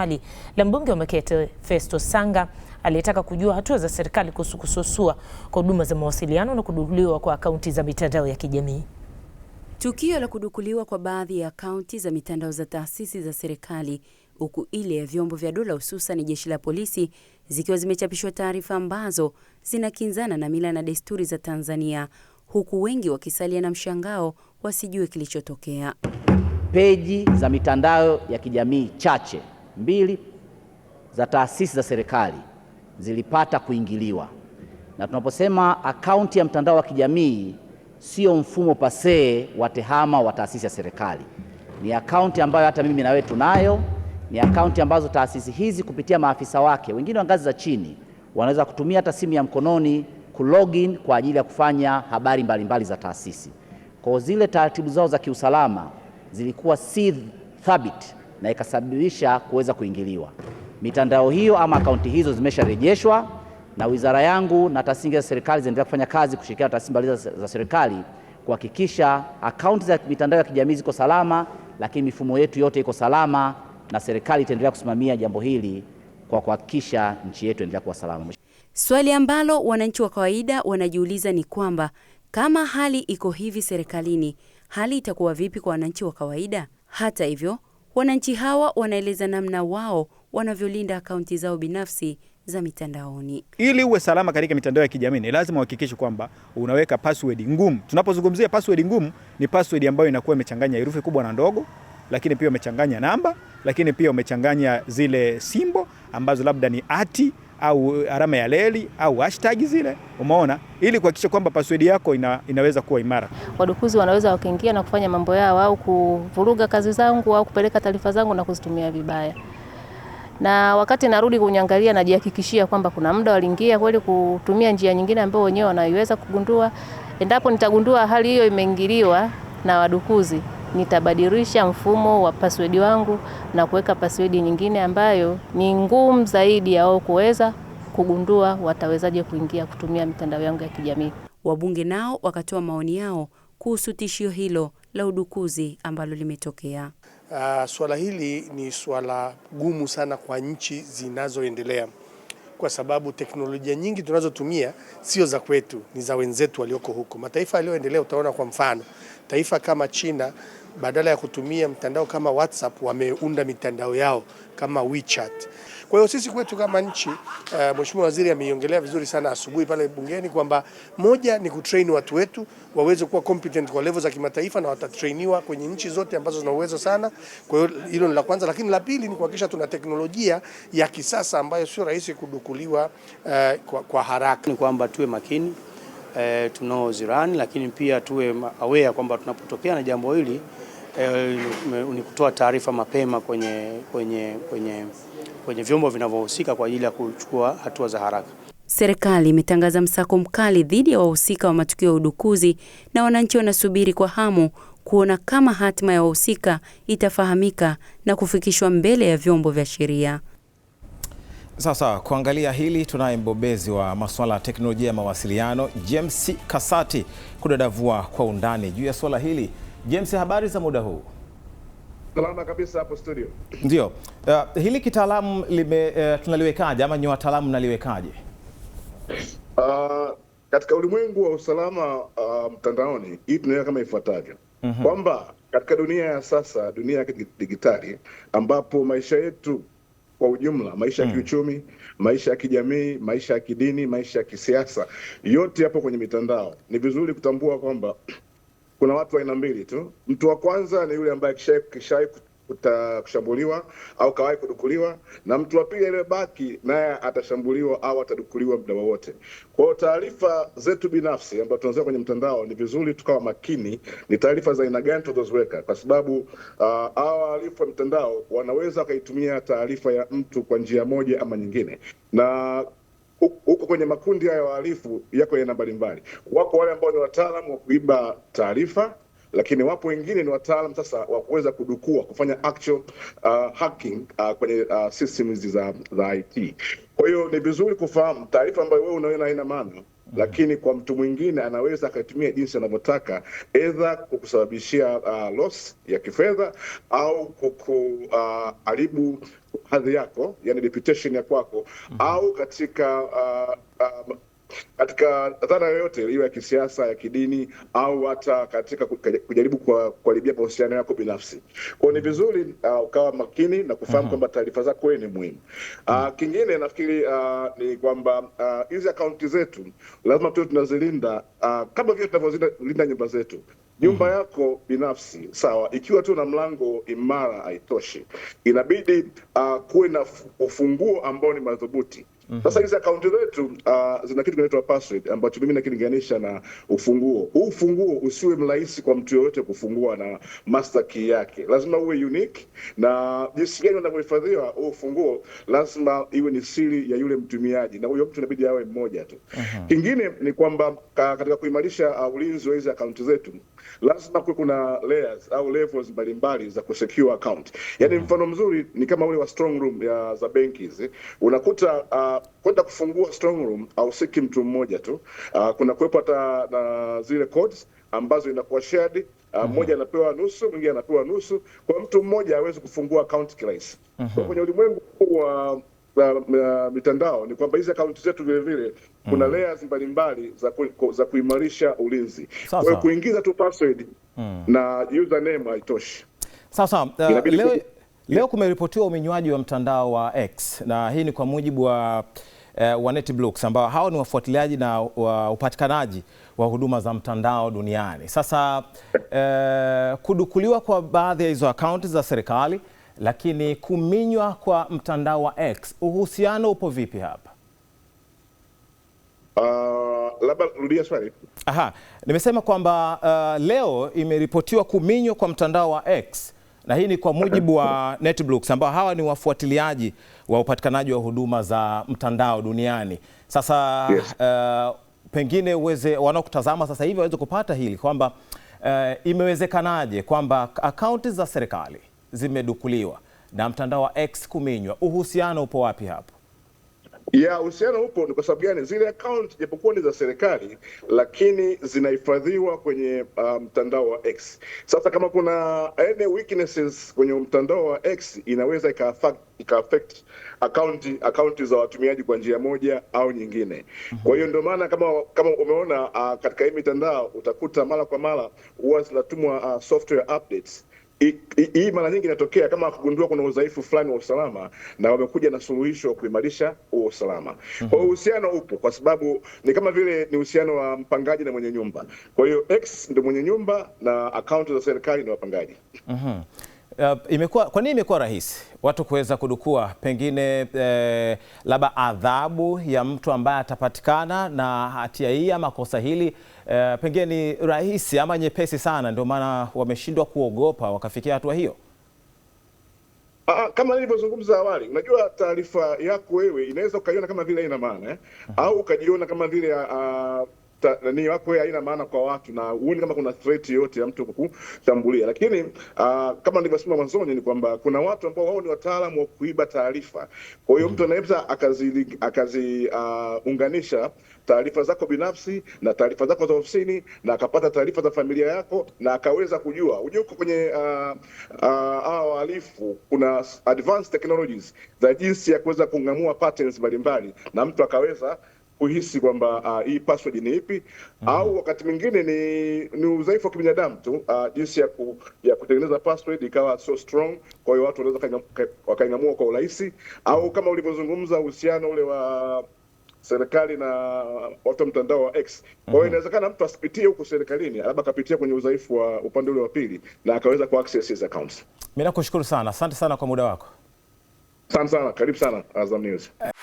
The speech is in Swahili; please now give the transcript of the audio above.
ali la mbunge wa Makete Festo Sanga aliyetaka kujua hatua za serikali kuhusu kusosua kwa huduma za mawasiliano na kudukuliwa kwa akaunti za mitandao ya kijamii. Tukio la kudukuliwa kwa baadhi ya akaunti za mitandao za taasisi za serikali, huku ile ya vyombo vya dola hususan jeshi la polisi zikiwa zimechapishwa taarifa ambazo zinakinzana na mila na desturi za Tanzania, huku wengi wakisalia na mshangao wasijue kilichotokea. Peji za mitandao ya kijamii chache mbili za taasisi za serikali zilipata kuingiliwa. Na tunaposema akaunti ya mtandao wa kijamii, sio mfumo pasee wa tehama wa taasisi ya serikali. Ni akaunti ambayo hata mimi na wewe tunayo, ni akaunti ambazo taasisi hizi kupitia maafisa wake, wengine wa ngazi za chini, wanaweza kutumia hata simu ya mkononi kulogin kwa ajili ya kufanya habari mbalimbali mbali za taasisi. Kwa zile taratibu zao za kiusalama zilikuwa si thabiti na ikasababisha kuweza kuingiliwa. Mitandao hiyo ama akaunti hizo zimesharejeshwa na wizara yangu na taasisi za serikali zinaendelea kufanya kazi kushirikiana na taasisi mbalimbali za serikali kuhakikisha akaunti za mitandao ya kijamii ziko salama, lakini mifumo yetu yote iko salama, na serikali itaendelea kusimamia jambo hili kwa kuhakikisha nchi yetu inaendelea kuwa salama. Swali ambalo wananchi wa kawaida wanajiuliza ni kwamba kama hali iko hivi serikalini, hali itakuwa vipi kwa wananchi wa kawaida? Hata hivyo Wananchi hawa wanaeleza namna wao wanavyolinda akaunti zao binafsi za mitandaoni. Ili uwe salama katika mitandao ya kijamii, ni lazima uhakikishe kwamba unaweka password ngumu. Tunapozungumzia password ngumu, ni password ambayo inakuwa imechanganya herufi kubwa na ndogo, lakini pia umechanganya namba, lakini pia umechanganya zile simbo ambazo labda ni ati au alama ya reli au hashtag zile, umeona, ili kuhakikisha kwamba password yako ina, inaweza kuwa imara. Wadukuzi wanaweza wakaingia na kufanya mambo yao au kuvuruga kazi zangu au kupeleka taarifa zangu na kuzitumia vibaya na wakati narudi kunyangalia, najihakikishia kwamba kuna muda waliingia kweli kutumia njia nyingine ambayo wenyewe wanaiweza kugundua. Endapo nitagundua hali hiyo imeingiliwa na wadukuzi, nitabadilisha mfumo wa password wangu na kuweka password nyingine ambayo ni ngumu zaidi ya wao kuweza kugundua watawezaje kuingia kutumia mitandao yangu ya kijamii. Wabunge nao wakatoa maoni yao kuhusu tishio hilo la udukuzi ambalo limetokea. Uh, swala hili ni swala gumu sana kwa nchi zinazoendelea kwa sababu teknolojia nyingi tunazotumia sio za kwetu, ni za wenzetu walioko huko. Mataifa yaliyoendelea, utaona kwa mfano taifa kama China badala ya kutumia mtandao kama WhatsApp wameunda mitandao yao kama WeChat. Kwa hiyo sisi kwetu kama nchi uh, Mheshimiwa Waziri ameiongelea vizuri sana asubuhi pale bungeni kwamba moja ni kutrain watu wetu waweze kuwa competent kwa level za kimataifa na watatrainiwa kwenye nchi zote ambazo zina uwezo sana. Kwa hiyo hilo ni la kwanza, lakini la pili ni kuhakikisha tuna teknolojia ya kisasa ambayo sio rahisi kudukuliwa uh, kwa, kwa haraka. Ni kwamba tuwe makini e, tunao jirani, lakini pia tuwe aware kwamba tunapotokea na jambo hili e, ni kutoa taarifa mapema kwenye, kwenye, kwenye, kwenye vyombo vinavyohusika kwa ajili ya kuchukua hatua za haraka. Serikali imetangaza msako mkali dhidi ya wahusika wa matukio ya udukuzi na wananchi wanasubiri kwa hamu kuona kama hatima ya wahusika itafahamika na kufikishwa mbele ya vyombo vya sheria. Sasa kuangalia hili tunaye mbobezi wa masuala ya teknolojia ya mawasiliano James Kasati kudadavua kwa undani juu ya swala hili. James, habari za muda huu? Salama kabisa hapo studio. Ndio. Uh, hili kitaalamu lime uh, tunaliwekaje ama nyote wataalamu mnaliwekaje? Uh, katika ulimwengu wa usalama uh, mtandaoni hii tunaweka kama ifuatavyo mm -hmm. kwamba katika dunia ya sasa, dunia ya digitali ambapo maisha yetu kwa ujumla, maisha ya hmm. kiuchumi, maisha ya kijamii, maisha ya kidini, maisha ya kisiasa, yote yapo kwenye mitandao. Ni vizuri kutambua kwamba kuna watu aina mbili tu. Mtu wa kwanza ni yule ambaye kishai kuta kushambuliwa au kawahi kudukuliwa, na mtu wa pili aliyebaki naye atashambuliwa au atadukuliwa muda wowote. Kwa hiyo taarifa zetu binafsi ambazo tunaziweka kwenye mtandao ni vizuri tukawa makini ni taarifa za aina gani tunazoziweka, kwa sababu uh, awa wahalifu wa mtandao wanaweza wakaitumia taarifa ya mtu kwa njia moja ama nyingine na huko kwenye makundi haya ya wahalifu yako aina mbalimbali. Wako wale ambao ni wataalamu wa kuiba taarifa lakini wapo wengine ni wataalam sasa wa kuweza kudukua kufanya actual uh, hacking uh, kwenye uh, system hizi za, za IT. Kwa hiyo ni vizuri kufahamu taarifa ambayo wewe unaona haina maana mm-hmm. lakini kwa mtu mwingine anaweza akatumia jinsi anavyotaka, edha kukusababishia uh, loss ya kifedha au kukuharibu uh, hadhi yako, yani reputation ya kwako mm -hmm. au katika uh, katika dhana yoyote iwe ya kisiasa, ya kidini au hata katika kujaribu kuharibia mahusiano yako binafsi. Kwao ni vizuri uh, ukawa makini na kufahamu -huh. kwamba taarifa zako wewe ni muhimu. Uh, mm. kingine nafikiri uh, ni kwamba uh, hizi uh, akaunti zetu lazima tuwe tunazilinda uh, kama vile tunavyolinda nyumba zetu nyumba mm -hmm. yako binafsi sawa, ikiwa tu na mlango imara haitoshi, inabidi uh, kuwe na ufunguo ambao ni madhubuti Mhm. Sasa hizi akaunti zetu uh, zina kitu kinaitwa password ambacho mimi nakilinganisha na ufunguo. Huu ufunguo usiwe mrahisi kwa mtu yoyote kufungua na master key yake, lazima uwe unique, na jinsi gani unavyohifadhiwa huu ufunguo lazima iwe ni siri ya yule mtumiaji, na huyo mtu inabidi awe mmoja tu. Mhm. Kingine uh -huh. ni kwamba katika kuimarisha uh, ulinzi wa hizi akaunti zetu lazima kuwe kuna layers au levels mbalimbali za kusecure account. Yaani mm -hmm. Mfano mzuri ni kama ule wa strong room ya za benki hizi, unakuta uh, kwenda kufungua strong room au siki mtu mmoja tu uh, kuna kuwepo hata na zile codes ambazo inakuwa shared Uh, mm -hmm. Mmoja anapewa nusu, mwingine anapewa nusu, kwa mtu mmoja hawezi kufungua account kirahisi. mm -hmm. Kwenye ulimwengu wa uh, uh, mitandao ni kwamba hizi akaunti zetu vile vile mm. kuna layers mbalimbali za, ku, za kuimarisha ulinzi. Kwa hiyo kuingiza tu password mm. na username haitoshi. sawa. uh, leo, ku... leo kumeripotiwa uminywaji wa mtandao wa X na hii ni kwa mujibu wa uh, wa NetBlocks ambao hao ni wafuatiliaji na wa uh, upatikanaji wa huduma za mtandao duniani. Sasa uh, kudukuliwa kwa baadhi ya hizo akaunti za serikali lakini kuminywa kwa mtandao wa X, uhusiano upo vipi hapa? Uh, labda rudia swali. Aha, nimesema kwamba uh, leo imeripotiwa kuminywa kwa mtandao wa X na hii ni kwa mujibu wa NetBlocks ambao hawa ni wafuatiliaji wa upatikanaji wa huduma za mtandao duniani. Sasa yes. uh, pengine uweze wanaokutazama sasa hivi waweze kupata hili kwamba uh, imewezekanaje kwamba akaunti za serikali zimedukuliwa na mtandao wa X kuminywa, uhusiano upo wapi hapo? Ya uhusiano upo ni kwa sababu gani? Zile akaunti japokuwa ni za serikali, lakini zinahifadhiwa kwenye uh, mtandao wa X. Sasa kama kuna any weaknesses kwenye mtandao wa X inaweza ika affect akaunti akaunti za watumiaji kwa njia moja au nyingine. Mhm. Kwa hiyo ndio maana kama kama umeona uh, katika hii mitandao utakuta mara kwa mara huwa zinatumwa uh, software updates hii mara nyingi inatokea kama wakigundua kuna udhaifu fulani wa usalama, na wamekuja na suluhisho kuimarisha huo usalama. Mhm. Kwa hiyo uhusiano upo, kwa sababu ni kama vile ni uhusiano wa mpangaji na mwenye nyumba. Kwa hiyo X ndio mwenye nyumba na akaunti za serikali ni wapangaji. Mhm. Uh, imekuwa kwa nini imekuwa rahisi watu kuweza kudukua pengine eh, labda adhabu ya mtu ambaye atapatikana na hatia hii ama kosa hili eh, pengine ni rahisi ama nyepesi sana, ndio maana wameshindwa kuogopa wakafikia hatua hiyo? Aa, ah, kama nilivyozungumza awali, unajua taarifa yako wewe inaweza ukaiona kama vile ina maana eh? Uh mhm. -huh. Au ukajiona kama vile uh, ni wako yeye haina maana kwa watu, na huoni kama kuna threat yoyote ya mtu kukutambulia. Lakini uh, kama nilivyosema mwanzoni ni kwamba kuna watu ambao wao ni wataalamu wa kuiba taarifa. Kwa hiyo mtu anaweza akazi akaziunganisha ah, uh, taarifa zako binafsi na taarifa zako za ofisini na akapata taarifa za familia yako na akaweza kujua ujue uko kwenye ah, hawa uh, uh, wahalifu kuna advanced technologies za jinsi ya kuweza kung'amua patterns mbalimbali na mtu akaweza kuhisi kwamba uh, hii password ni ipi mm -hmm. au wakati mwingine ni ni udhaifu wa kibinadamu tu uh, jinsi ya, ku, ya kutengeneza password ikawa so strong, kwa hiyo watu wanaweza wakaing'amua kwa urahisi, au mhm. kama ulivyozungumza uhusiano ule wa serikali na watu wa mtandao wa X. Kwa hiyo mhm. inawezekana mtu asipitie huko serikalini, labda akapitia kwenye udhaifu wa upande ule wa pili na akaweza ku access his accounts. Mimi nakushukuru sana, asante sana kwa muda wako. Asante sana, karibu sana Azam News.